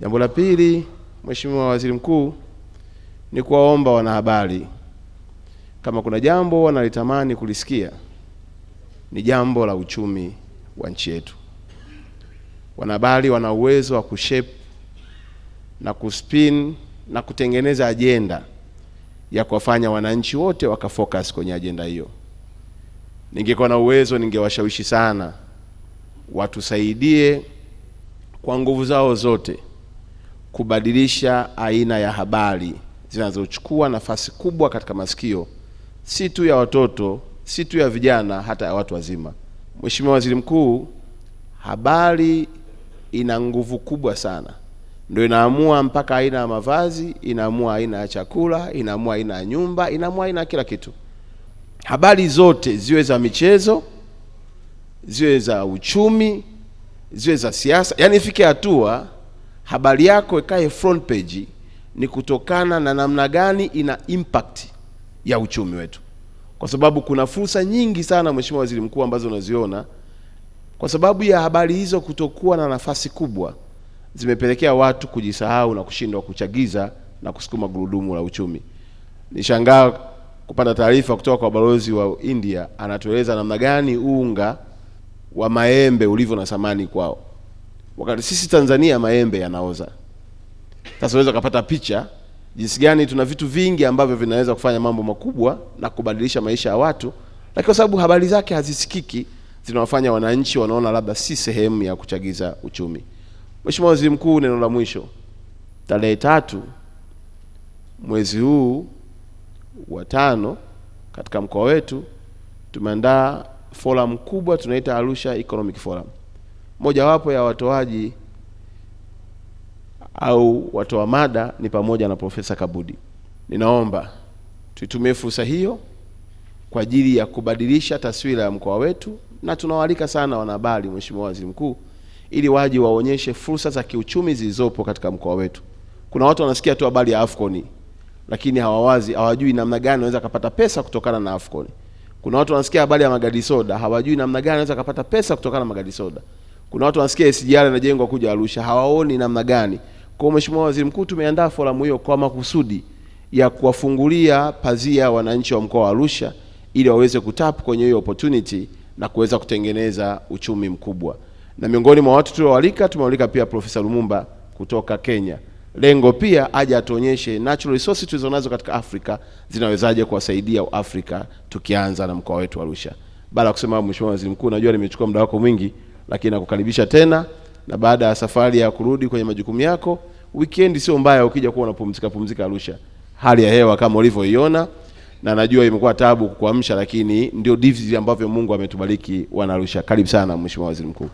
Jambo la pili, Mheshimiwa Waziri Mkuu, ni kuwaomba wanahabari kama kuna jambo wanalitamani kulisikia ni jambo la uchumi wa nchi yetu. Wanahabari wana uwezo wa kushape na kuspin na kutengeneza ajenda ya kuwafanya wananchi wote wakafocus kwenye ajenda hiyo. Ningekuwa na uwezo, ningewashawishi sana watusaidie kwa nguvu zao zote kubadilisha aina ya habari zinazochukua nafasi kubwa katika masikio si tu ya watoto, si tu ya vijana, hata ya watu wazima. Mheshimiwa Waziri Mkuu, habari ina nguvu kubwa sana, ndio inaamua mpaka aina ya mavazi, inaamua aina ya chakula, inaamua aina ya nyumba, inaamua aina ya kila kitu. Habari zote ziwe za michezo, ziwe za uchumi, ziwe za siasa, yaani ifike hatua habari yako ikae front page ni kutokana na namna gani ina impact ya uchumi wetu, kwa sababu kuna fursa nyingi sana, Mheshimiwa Waziri Mkuu, ambazo unaziona kwa sababu ya habari hizo kutokuwa na nafasi kubwa, zimepelekea watu kujisahau na kushindwa kuchagiza na kusukuma gurudumu la uchumi. Nishangaa kupata taarifa kutoka kwa balozi wa India, anatueleza namna gani unga wa maembe ulivyo na thamani kwao wakati sisi Tanzania maembe yanaoza. Sasa unaweza kupata picha jinsi gani tuna vitu vingi ambavyo vinaweza kufanya mambo makubwa na kubadilisha maisha ya watu, lakini kwa sababu habari zake hazisikiki zinawafanya wananchi wanaona labda si sehemu ya kuchagiza uchumi. Mheshimiwa Waziri Mkuu, neno la mwisho. Tarehe tatu mwezi huu wa tano katika mkoa wetu tumeandaa forum kubwa tunaita Arusha Economic Forum mojawapo ya watoaji au watoa mada ni pamoja na Profesa Kabudi. Ninaomba tuitumie fursa hiyo kwa ajili ya kubadilisha taswira ya mkoa wetu, na tunawaalika sana wanahabari, Mheshimiwa Waziri Mkuu, ili waje waonyeshe fursa za kiuchumi zilizopo katika mkoa wetu. Kuna watu wanasikia tu habari ya Afcon lakini hawawazi, hawajui namna gani wanaweza kupata pesa kutokana na Afcon. Kuna watu wanasikia habari ya magadi soda, hawajui namna gani wanaweza kupata pesa kutokana na magadi soda. Kuna watu wanasikia SGR inajengwa kuja Arusha, hawaoni namna gani. Kwa Mheshimiwa Waziri Mkuu, tumeandaa forum hiyo kwa makusudi ya kuwafungulia pazia wananchi wa mkoa wa Arusha ili waweze kutap kwenye hiyo opportunity na kuweza kutengeneza uchumi mkubwa. Na miongoni mwa watu tuliowalika, tumewalika pia Profesa Lumumba kutoka Kenya. Lengo pia aje atuonyeshe natural resources tulizonazo katika Afrika zinawezaje kuwasaidia Afrika, tukianza na mkoa wetu Arusha. Baada ya kusema, Mheshimiwa Waziri Mkuu, najua nimechukua muda wako mwingi lakini nakukaribisha tena, na baada ya safari ya kurudi kwenye majukumu yako, weekend sio mbaya ukija kuwa unapumzika pumzika Arusha. Hali ya hewa kama ulivyoiona, na najua imekuwa tabu kukuamsha, lakini ndio divi ambavyo Mungu ametubariki wana Arusha. Karibu sana Mheshimiwa Waziri Mkuu.